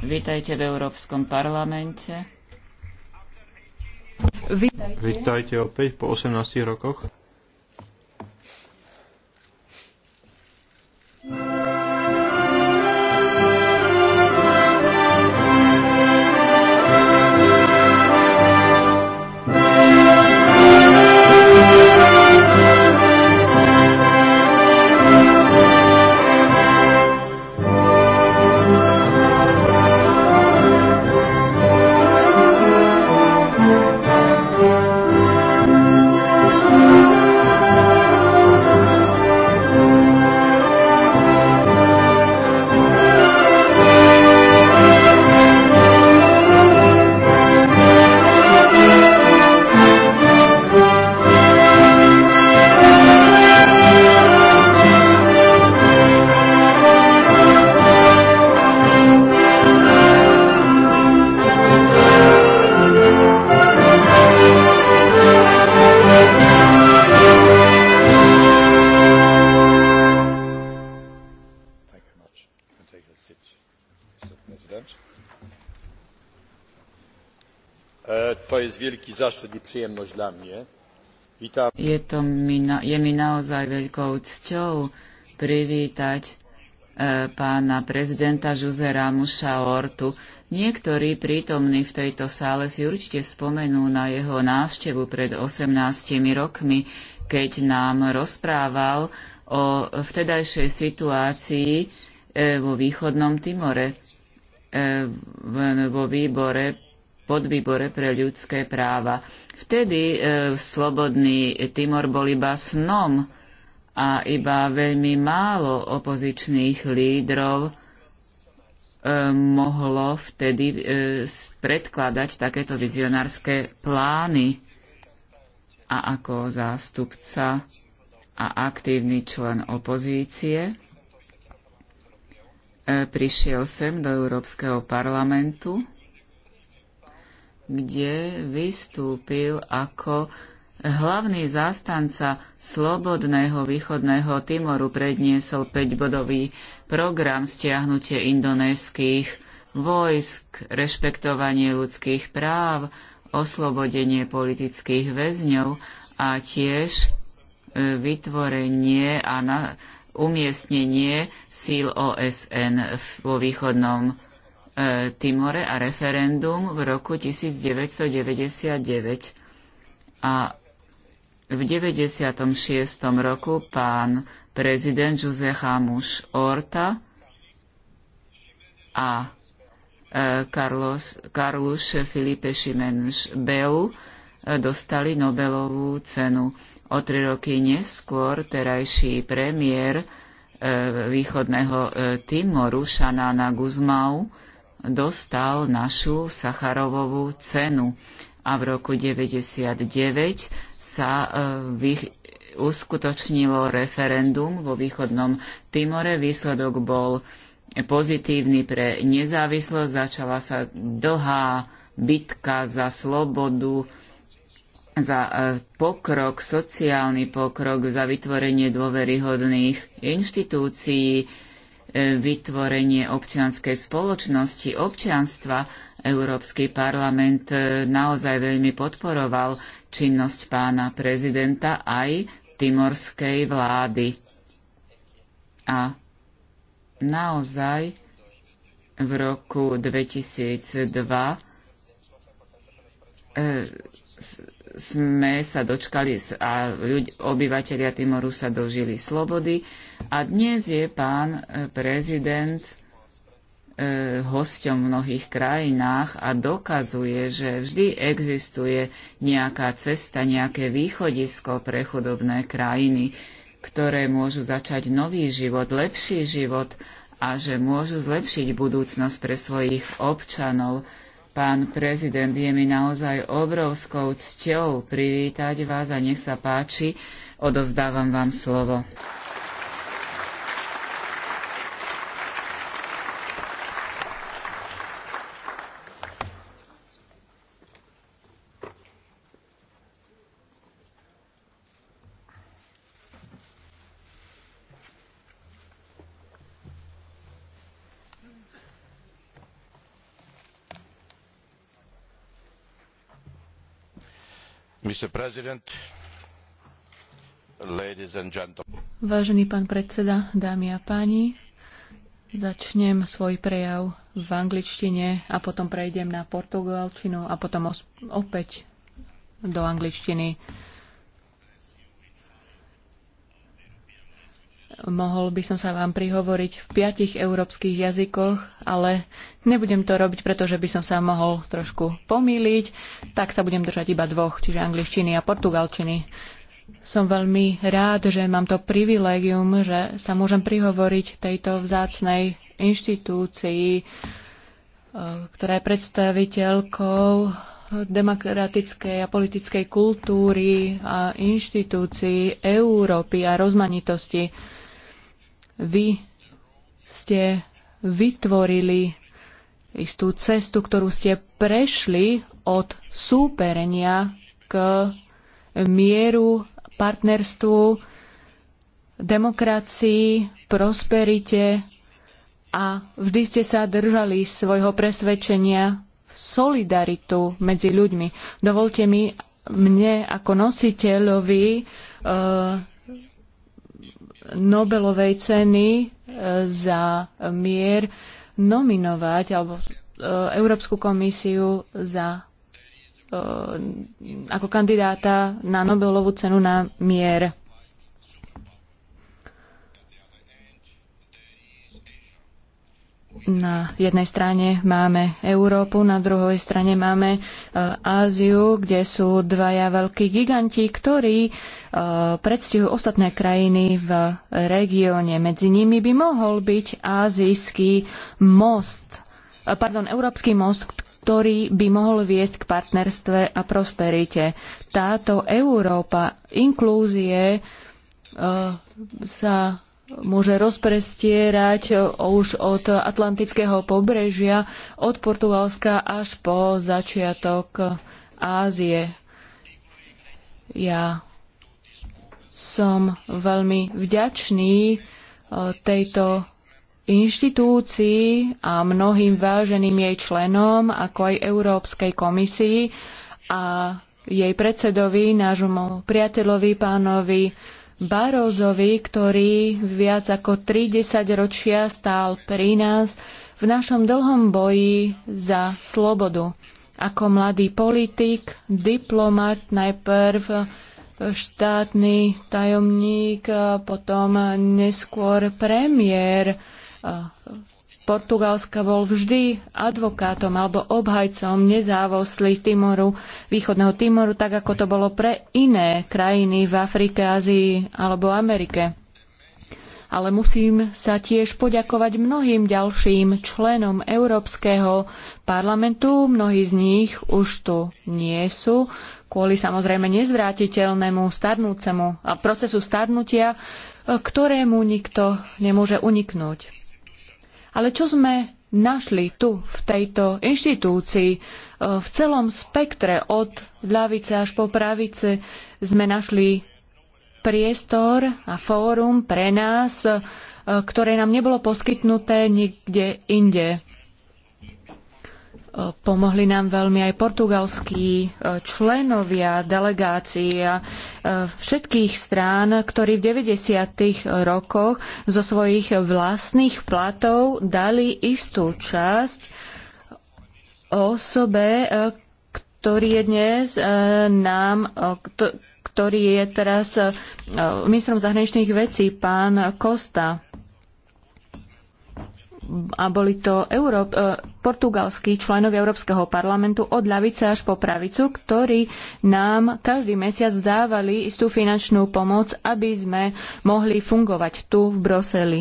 Vítajte v Európskom parlamente. Vítajte. Vítajte opäť po 18 rokoch. i dla Je, to mi na, je mi naozaj veľkou cťou privítať e, pána prezidenta Jose Ramuša Ortu. Niektorí prítomní v tejto sále si určite spomenú na jeho návštevu pred 18 rokmi, keď nám rozprával o vtedajšej situácii e, vo východnom Timore. E, v, vo výbore podvýbore pre ľudské práva. Vtedy e, slobodný Timor bol iba snom a iba veľmi málo opozičných lídrov e, mohlo vtedy e, predkladať takéto vizionárske plány. A ako zástupca a aktívny člen opozície e, prišiel sem do Európskeho parlamentu kde vystúpil ako hlavný zástanca slobodného východného Timoru, predniesol 5-bodový program stiahnutie indonéskych vojsk, rešpektovanie ľudských práv, oslobodenie politických väzňov a tiež e, vytvorenie a umiestnenie síl OSN vo východnom E, Timore a referendum v roku 1999. A v 96. roku pán prezident Jose Hamuš Orta a e, Carlos, Carlos Filipe Šimenš Beu e, dostali Nobelovú cenu. O tri roky neskôr terajší premiér východného Timoru Šanána Guzmau dostal našu Sacharovovú cenu a v roku 1999 sa e, uskutočnilo referendum vo východnom Timore. Výsledok bol pozitívny pre nezávislosť. Začala sa dlhá bitka za slobodu, za e, pokrok, sociálny pokrok, za vytvorenie dôveryhodných inštitúcií, E, vytvorenie občianskej spoločnosti, občianstva. Európsky parlament e, naozaj veľmi podporoval činnosť pána prezidenta aj timorskej vlády. A naozaj v roku 2002 sme sa dočkali a ľudí, obyvateľia Timoru sa dožili slobody a dnes je pán e, prezident e, hosťom v mnohých krajinách a dokazuje, že vždy existuje nejaká cesta, nejaké východisko pre chudobné krajiny, ktoré môžu začať nový život, lepší život a že môžu zlepšiť budúcnosť pre svojich občanov. Pán prezident, je mi naozaj obrovskou cťou privítať vás a nech sa páči, odovzdávam vám slovo. Vážený pán predseda, dámy a páni, začnem svoj prejav v angličtine a potom prejdem na portugalčinu a potom opäť do angličtiny. Mohol by som sa vám prihovoriť v piatich európskych jazykoch, ale nebudem to robiť, pretože by som sa mohol trošku pomýliť, tak sa budem držať iba dvoch, čiže angličtiny a portugalčiny. Som veľmi rád, že mám to privilégium, že sa môžem prihovoriť tejto vzácnej inštitúcii, e, ktorá je predstaviteľkou demokratickej a politickej kultúry a inštitúcií Európy a rozmanitosti. Vy ste vytvorili istú cestu, ktorú ste prešli od súperenia k mieru, partnerstvu, demokracii, prosperite a vždy ste sa držali svojho presvedčenia v solidaritu medzi ľuďmi. Dovolte mi mne ako nositeľovi eh, Nobelovej ceny e, za mier nominovať alebo e, Európsku komisiu za e, ako kandidáta na Nobelovú cenu na mier. na jednej strane máme Európu, na druhej strane máme e, Áziu, kde sú dvaja veľkí giganti, ktorí e, predstihujú ostatné krajiny v regióne. Medzi nimi by mohol byť ázijský most, e, pardon, európsky most, ktorý by mohol viesť k partnerstve a prosperite. Táto Európa inklúzie sa môže rozprestierať e, už od Atlantického pobrežia, od Portugalska až po začiatok Ázie. Ja som veľmi vďačný e, tejto inštitúcii a mnohým váženým jej členom, ako aj Európskej komisii a jej predsedovi, nášmu priateľovi, pánovi Barozovi, ktorý viac ako 30 ročia stál pri nás v našom dlhom boji za slobodu. Ako mladý politik, diplomat, najprv štátny tajomník, potom neskôr premiér Portugalska bol vždy advokátom alebo obhajcom nezávislých Timoru, východného Timoru, tak ako to bolo pre iné krajiny v Afrike, Ázii alebo Amerike. Ale musím sa tiež poďakovať mnohým ďalším členom Európskeho parlamentu. Mnohí z nich už tu nie sú, kvôli samozrejme nezvrátiteľnému starnúcemu a procesu starnutia, ktorému nikto nemôže uniknúť. Ale čo sme našli tu, v tejto inštitúcii, e, v celom spektre od ľavice až po pravice, sme našli priestor a fórum pre nás, e, ktoré nám nebolo poskytnuté nikde inde. Pomohli nám veľmi aj portugalskí e, členovia delegácií a e, všetkých strán, ktorí v 90. rokoch zo svojich vlastných platov dali istú časť osobe, e, ktorý je dnes nám, ktorý je teraz ministrom zahraničných vecí, pán Kosta a boli to Euró- e, portugalskí členovia Európskeho parlamentu od ľavice až po pravicu, ktorí nám každý mesiac dávali istú finančnú pomoc, aby sme mohli fungovať tu v Bruseli.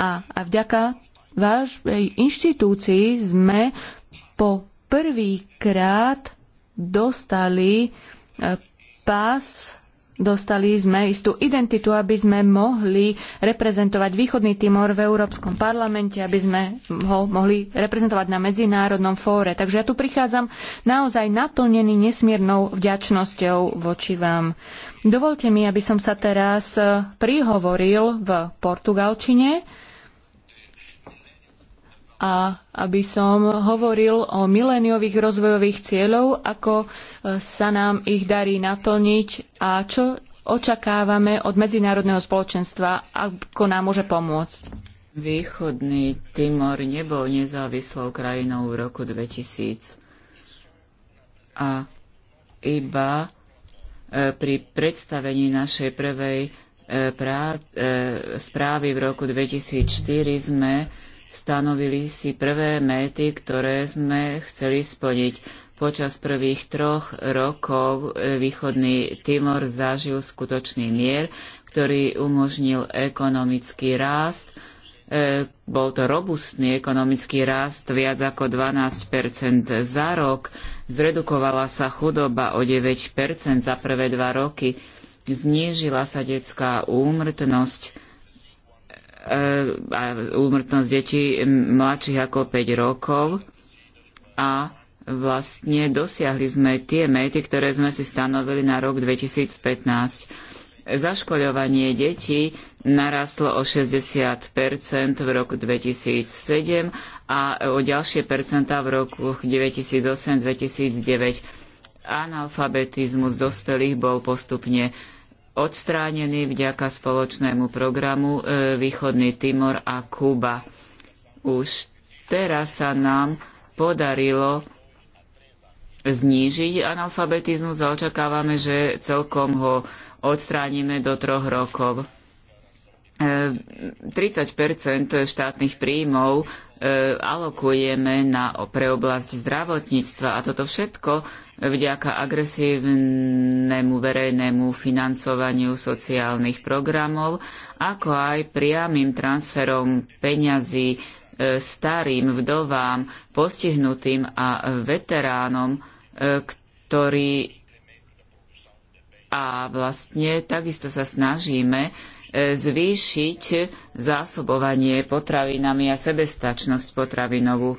A, a vďaka vášej inštitúcii sme po prvýkrát dostali e, pás Dostali sme istú identitu, aby sme mohli reprezentovať východný Timor v Európskom parlamente, aby sme ho mohli reprezentovať na medzinárodnom fóre. Takže ja tu prichádzam naozaj naplnený nesmiernou vďačnosťou voči vám. Dovolte mi, aby som sa teraz prihovoril v portugalčine a aby som hovoril o miléniových rozvojových cieľov, ako e, sa nám ich darí naplniť a čo očakávame od medzinárodného spoločenstva, ako nám môže pomôcť. Východný Timor nebol nezávislou krajinou v roku 2000 a iba e, pri predstavení našej prvej e, správy v roku 2004 sme stanovili si prvé méty, ktoré sme chceli splniť. Počas prvých troch rokov e, východný Timor zažil skutočný mier, ktorý umožnil ekonomický rast. E, bol to robustný ekonomický rast viac ako 12 za rok. Zredukovala sa chudoba o 9 za prvé dva roky. Znížila sa detská úmrtnosť E, a úmrtnosť detí mladších ako 5 rokov a vlastne dosiahli sme tie mety, ktoré sme si stanovili na rok 2015. Zaškoľovanie detí narastlo o 60 v roku 2007 a o ďalšie percentá v roku 2008-2009. Analfabetizmus dospelých bol postupne odstránený vďaka spoločnému programu e, Východný Timor a Kuba. Už teraz sa nám podarilo znížiť analfabetizmus a očakávame, že celkom ho odstránime do troch rokov. 30 štátnych príjmov e, alokujeme na, pre oblasť zdravotníctva a toto všetko vďaka agresívnemu verejnému financovaniu sociálnych programov, ako aj priamým transferom peňazí e, starým vdovám, postihnutým a veteránom, e, ktorí a vlastne takisto sa snažíme zvýšiť zásobovanie potravinami a sebestačnosť potravinovú.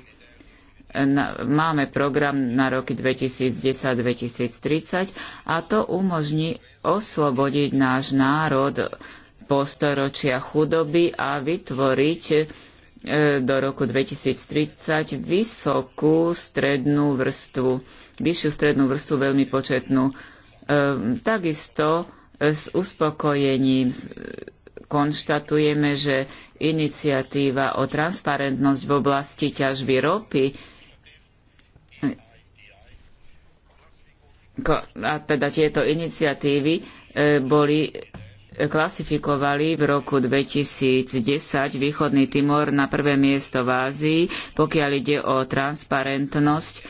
Máme program na roky 2010-2030 a to umožní oslobodiť náš národ po storočia chudoby a vytvoriť e, do roku 2030 vysokú strednú vrstvu, vyššiu strednú vrstvu veľmi početnú. Ehm, takisto s uspokojením konštatujeme, že iniciatíva o transparentnosť v oblasti ťažby ropy a teda tieto iniciatívy e, boli klasifikovali v roku 2010 východný Timor na prvé miesto v Ázii, pokiaľ ide o transparentnosť, e,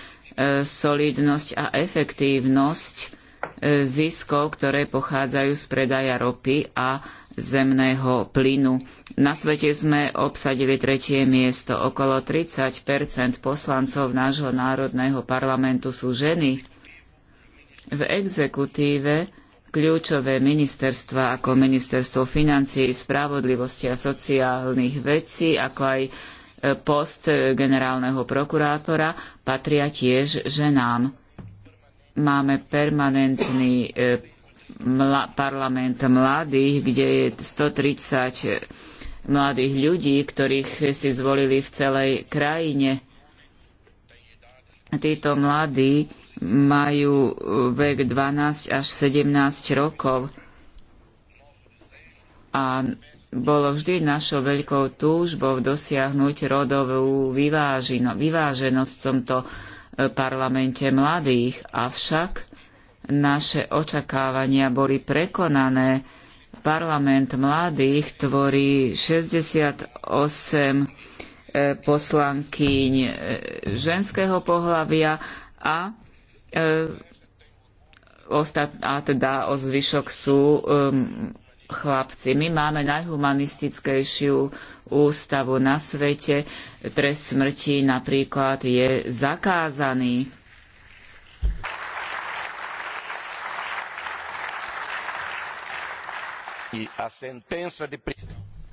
solidnosť a efektívnosť ziskov, ktoré pochádzajú z predaja ropy a zemného plynu. Na svete sme obsadili tretie miesto. Okolo 30 poslancov nášho národného parlamentu sú ženy. V exekutíve kľúčové ministerstva ako ministerstvo financií, spravodlivosti a sociálnych vecí, ako aj e, post generálneho prokurátora patria tiež ženám máme permanentný e, mla, parlament mladých, kde je 130 e, mladých ľudí, ktorých si zvolili v celej krajine. Títo mladí majú e, vek 12 až 17 rokov a bolo vždy našou veľkou túžbou dosiahnuť rodovú vyváženosť v tomto parlamente mladých, avšak naše očakávania boli prekonané. Parlament mladých tvorí 68 e, poslankyň e, ženského pohlavia a, e, a teda o zvyšok sú chlapci. My máme najhumanistickejšiu ústavu na svete. Trest smrti napríklad je zakázaný.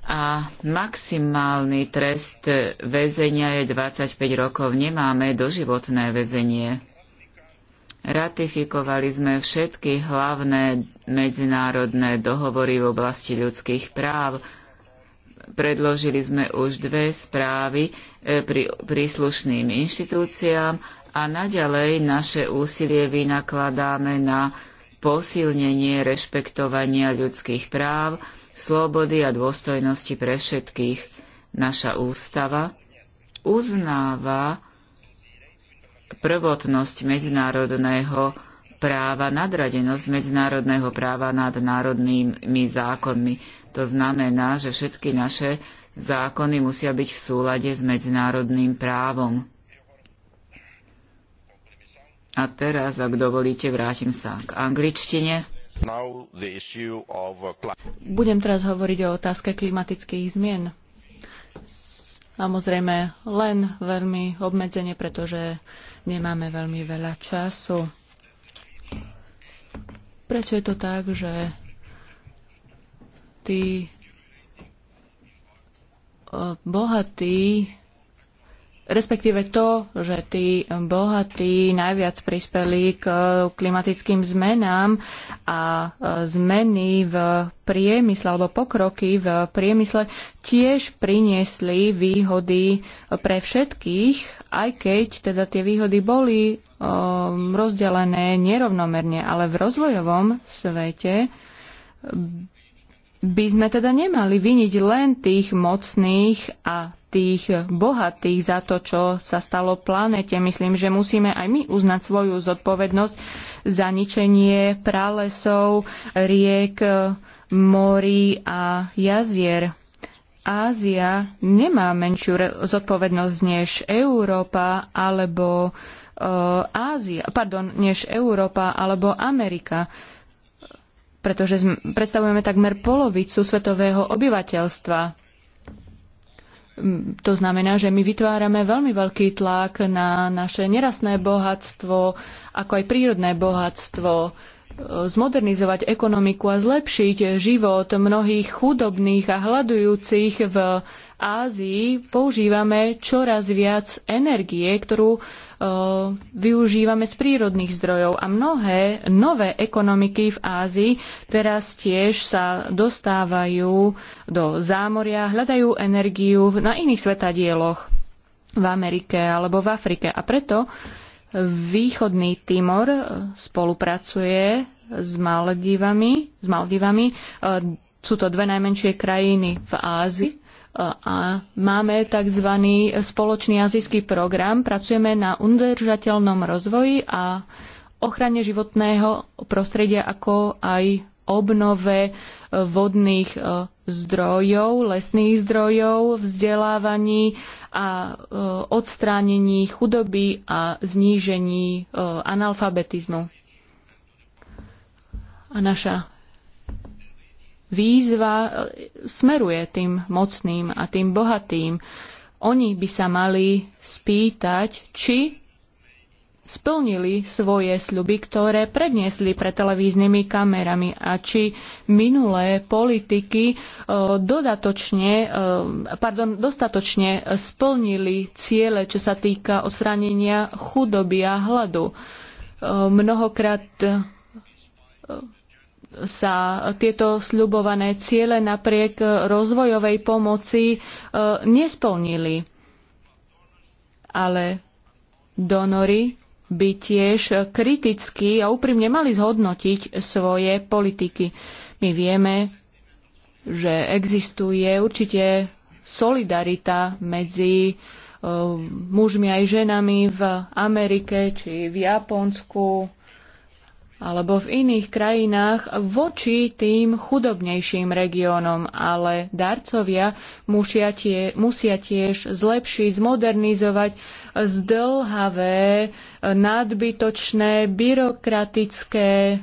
A maximálny trest väzenia je 25 rokov. Nemáme doživotné väzenie. Ratifikovali sme všetky hlavné medzinárodné dohovory v oblasti ľudských práv. Predložili sme už dve správy e, pri príslušným inštitúciám a naďalej naše úsilie vynakladáme na posilnenie rešpektovania ľudských práv, slobody a dôstojnosti pre všetkých. Naša ústava uznáva prvotnosť medzinárodného práva nadradenosť medzinárodného práva nad národnými zákonmi. To znamená, že všetky naše zákony musia byť v súlade s medzinárodným právom. A teraz, ak dovolíte, vrátim sa k angličtine. Budem teraz hovoriť o otázke klimatických zmien. Samozrejme len veľmi obmedzenie, pretože nemáme veľmi veľa času. Prečo je to tak, že tí eh, bohatí respektíve to, že tí bohatí najviac prispeli k e, klimatickým zmenám a e, zmeny v priemysle alebo pokroky v priemysle tiež priniesli výhody e, pre všetkých, aj keď teda tie výhody boli rozdelené nerovnomerne, ale v rozvojovom svete by sme teda nemali viniť len tých mocných a tých bohatých za to, čo sa stalo planete. Myslím, že musíme aj my uznať svoju zodpovednosť za ničenie pralesov, riek, morí a jazier. Ázia nemá menšiu zodpovednosť než Európa alebo e, Ázia, pardon, než Európa alebo Amerika pretože predstavujeme takmer polovicu svetového obyvateľstva. Mm, to znamená, že my vytvárame veľmi veľký tlak na naše nerastné bohatstvo, ako aj prírodné bohatstvo, e, zmodernizovať ekonomiku a zlepšiť život mnohých chudobných a hľadujúcich v Ázii. Používame čoraz viac energie, ktorú E, využívame z prírodných zdrojov. A mnohé nové ekonomiky v Ázii teraz tiež sa dostávajú do zámoria, hľadajú energiu na iných svetadieloch v Amerike alebo v Afrike. A preto východný Timor e, spolupracuje s Maldivami, s Maldivami e, sú to dve najmenšie krajiny v Ázii a máme tzv. spoločný azijský program. Pracujeme na udržateľnom rozvoji a ochrane životného prostredia, ako aj obnove e, vodných e, zdrojov, lesných zdrojov, vzdelávaní a e, odstránení chudoby a znížení analfabetizmu. A naša výzva e, smeruje tým mocným a tým bohatým. Oni by sa mali spýtať, či splnili svoje sľuby, ktoré predniesli pre televíznymi kamerami a či minulé politiky e, dodatočne, e, pardon, dostatočne splnili ciele, čo sa týka osranenia chudoby a hladu. Mnohokrát sa tieto sľubované ciele napriek rozvojovej pomoci e, nesplnili. Ale donory by tiež kriticky a úprimne mali zhodnotiť svoje politiky. My vieme, že existuje určite solidarita medzi e, mužmi aj ženami v Amerike či v Japonsku alebo v iných krajinách voči tým chudobnejším regiónom, ale darcovia musia, tie, musia tiež zlepšiť, zmodernizovať zdlhavé, eh, nadbytočné, byrokratické e,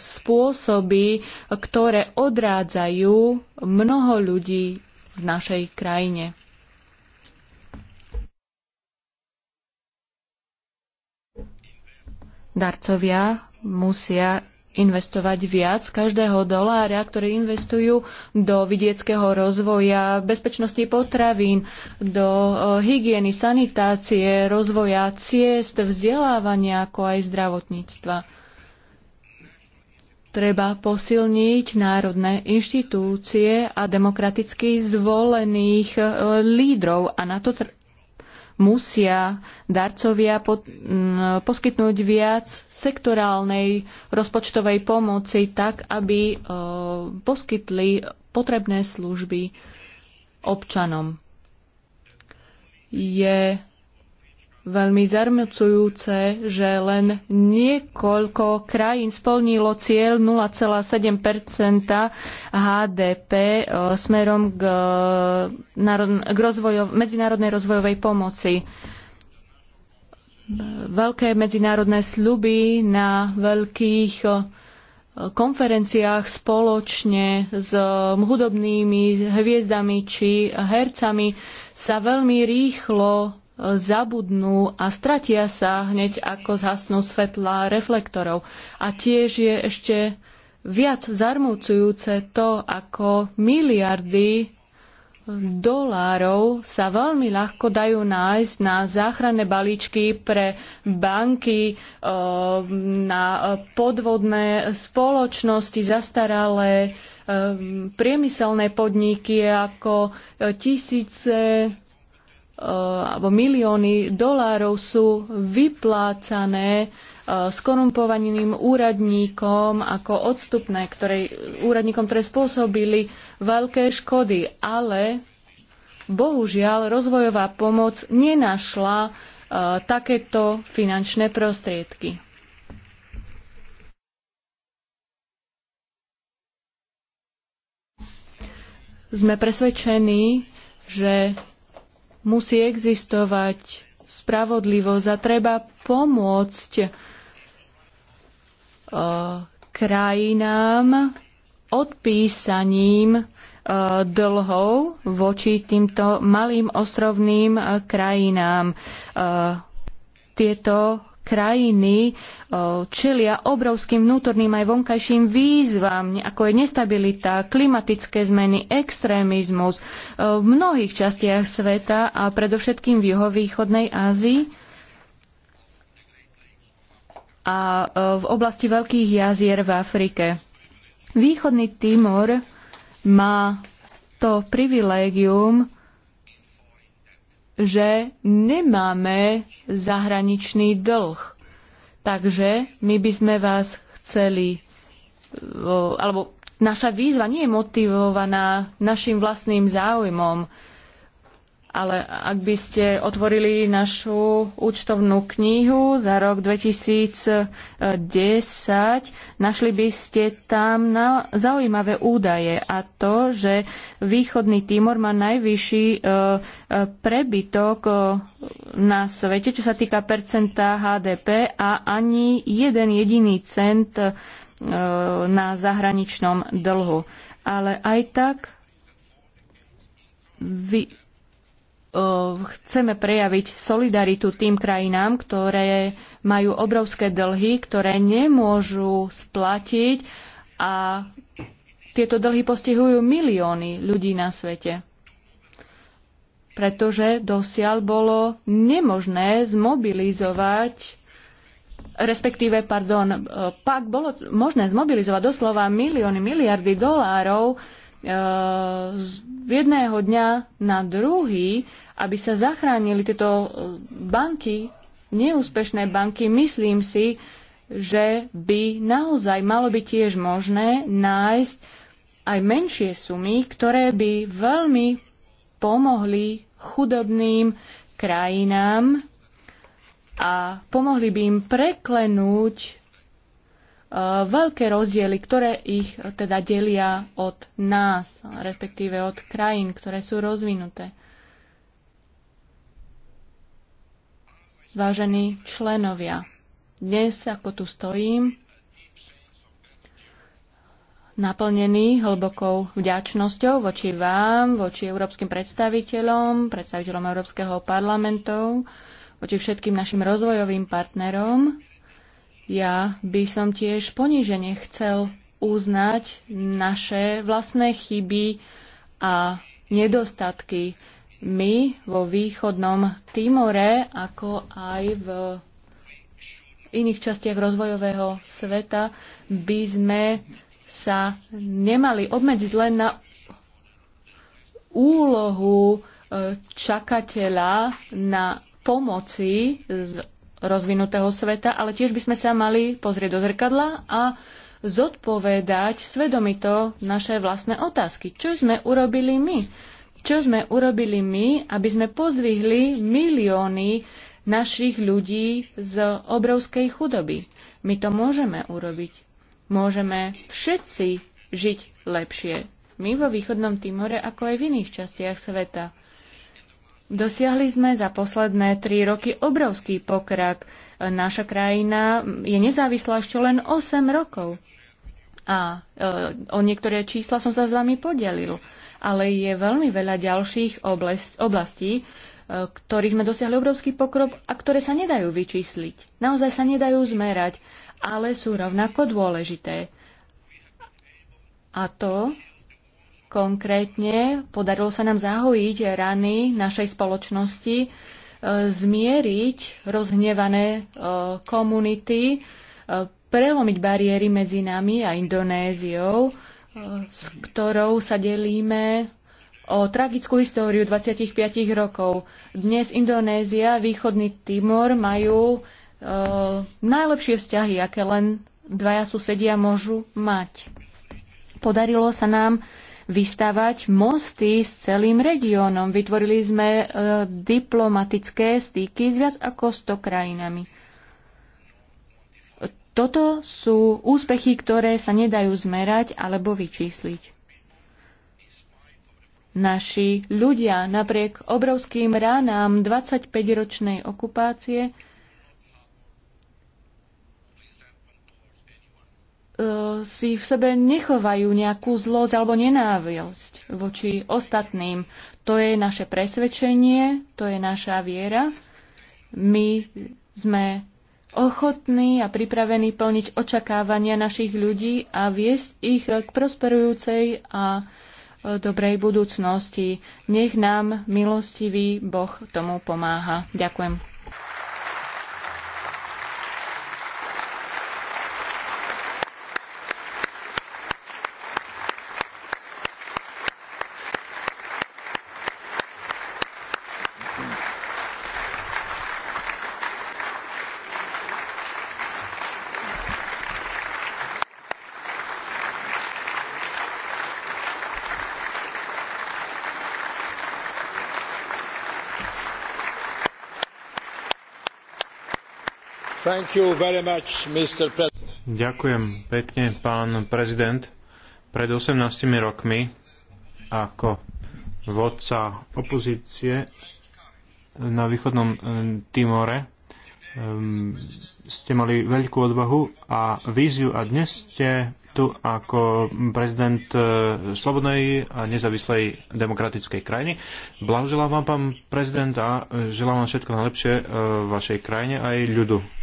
spôsoby, ktoré odrádzajú mnoho ľudí v našej krajine. Darcovia musia investovať viac každého dolára, ktorý investujú do vidieckého rozvoja, bezpečnosti potravín, do e, hygieny, sanitácie, rozvoja ciest, vzdelávania, ako aj zdravotníctva. Treba posilniť národné inštitúcie a demokraticky zvolených e, lídrov a na to musia darcovia poskytnúť viac sektorálnej rozpočtovej pomoci tak, aby e, poskytli potrebné služby občanom. Je veľmi zarmucujúce, že len niekoľko krajín splnilo cieľ 0,7 HDP e, smerom k, e, k rozvojov, medzinárodnej rozvojovej pomoci. Veľké medzinárodné sľuby na veľkých e, konferenciách spoločne s hudobnými hviezdami či hercami sa veľmi rýchlo zabudnú a stratia sa hneď ako zhasnú svetla reflektorov. A tiež je ešte viac zarmúcujúce to, ako miliardy dolárov sa veľmi ľahko dajú nájsť na záchranné balíčky pre banky, eh, na podvodné spoločnosti, zastaralé eh, priemyselné podniky ako tisíce Eh, alebo milióny dolárov sú vyplácané eh, skorumpovaným úradníkom ako odstupné, ktoré, úradníkom, ktoré spôsobili veľké škody. Ale bohužiaľ rozvojová pomoc nenašla uh, takéto finančné prostriedky. Sme presvedčení, že musí existovať spravodlivosť a treba pomôcť e, krajinám odpísaním e, dlhov voči týmto malým ostrovným e, krajinám. Tieto krajiny čelia obrovským vnútorným aj vonkajším výzvam, ako je nestabilita, klimatické zmeny, extrémizmus v mnohých častiach sveta a predovšetkým v juhovýchodnej Ázii a v oblasti veľkých jazier v Afrike. Východný Timor má to privilégium, že nemáme zahraničný dlh. Takže my by sme vás chceli, eh, alebo naša výzva nie je motivovaná našim vlastným záujmom, ale ak by ste otvorili našu účtovnú knihu za rok 2010, našli by ste tam na zaujímavé údaje a to, že východný Timor má najvyšší e, e, prebytok e, na svete, čo sa týka percenta HDP a ani jeden jediný cent na zahraničnom dlhu. Ale aj tak vy, chceme prejaviť solidaritu tým krajinám, ktoré majú obrovské dlhy, ktoré nemôžu splatiť a tieto dlhy postihujú milióny ľudí na svete. Pretože dosiaľ bolo nemožné zmobilizovať respektíve, pardon, e, pak bolo možné zmobilizovať doslova milióny, miliardy dolárov z jedného dňa na druhý, aby sa zachránili tieto e, banky, neúspešné banky, myslím si, že by naozaj malo byť tiež možné nájsť aj menšie sumy, ktoré by veľmi pomohli chudobným krajinám a pomohli by im preklenúť veľké rozdiely, ktoré ich eh, teda delia od nás, respektíve od krajín, ktoré sú rozvinuté. Vážení členovia, dnes, ako tu stojím, naplnený hlbokou vďačnosťou voči vám, voči európskym predstaviteľom, predstaviteľom Európskeho parlamentu, voči všetkým našim rozvojovým partnerom, ja by som tiež ponížene chcel uznať naše vlastné chyby a nedostatky. My vo východnom Timore, ako aj v iných častiach rozvojového sveta, by sme sa nemali obmedziť len na úlohu e, čakateľa na pomoci z rozvinutého sveta, ale tiež by sme sa mali pozrieť do zrkadla a zodpovedať svedomito naše vlastné otázky. Čo sme urobili my? Čo sme urobili my, aby sme pozdvihli milióny našich ľudí z obrovskej chudoby? My to môžeme urobiť. Môžeme všetci žiť lepšie. My vo východnom Timore, ako aj v iných častiach sveta. Dosiahli sme za posledné tri roky obrovský pokrak. Naša krajina je nezávislá ešte len 8 rokov. A e, o niektoré čísla som sa s vami podelil. Ale je veľmi veľa ďalších oblastí, e, ktorých sme dosiahli obrovský pokrok a ktoré sa nedajú vyčísliť. Naozaj sa nedajú zmerať, ale sú rovnako dôležité. A to Konkrétne podarilo sa nám zahojiť rany našej spoločnosti, e, zmieriť rozhnevané e, komunity, e, prelomiť bariéry medzi nami a Indonéziou, s ktorou sa delíme o tragickú históriu 25 rokov. Dnes Indonézia, východný Timor majú e, najlepšie vzťahy, aké len dvaja susedia môžu mať. Podarilo sa nám vystavať mosty s celým regiónom. Vytvorili sme e, diplomatické styky s viac ako 100 krajinami. Toto sú úspechy, ktoré sa nedajú zmerať alebo vyčísliť. Naši ľudia napriek obrovským ránám 25-ročnej okupácie E, si v sebe nechovajú nejakú zlosť alebo nenávisť voči ostatným. To je naše presvedčenie, to je naša viera. My sme ochotní a pripravení plniť očakávania našich ľudí a viesť ich k prosperujúcej a e, dobrej budúcnosti. Nech nám milostivý Boh tomu pomáha. Ďakujem. Ďakujem pekne, pán prezident. Pred 18 rokmi ako vodca opozície na východnom eh, Timore ehm, ste mali veľkú odvahu a víziu a dnes ste tu ako prezident eh, slobodnej a nezávislej demokratickej krajiny. Blahoželám vám, pán prezident, a želám vám všetko najlepšie eh, vašej krajine aj ľudu.